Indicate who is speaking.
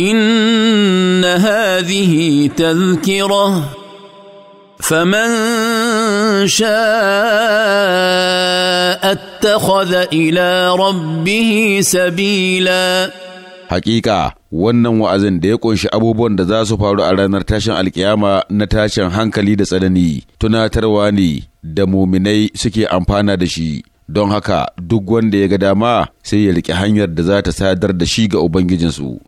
Speaker 1: ان هذه تذكره فمن شاء اتخذ الى ربه
Speaker 2: سبيلا Haƙiƙa, wannan wa'azin da ya ƙunshi abubuwan da za su faru a ranar tashin alkiyama na tashin hankali da tsanani tunatarwa ne da muminai suke amfana da shi don haka duk wanda ya ga dama sai ya riƙe hanyar da za ta sadar da shi ga ubangijinsu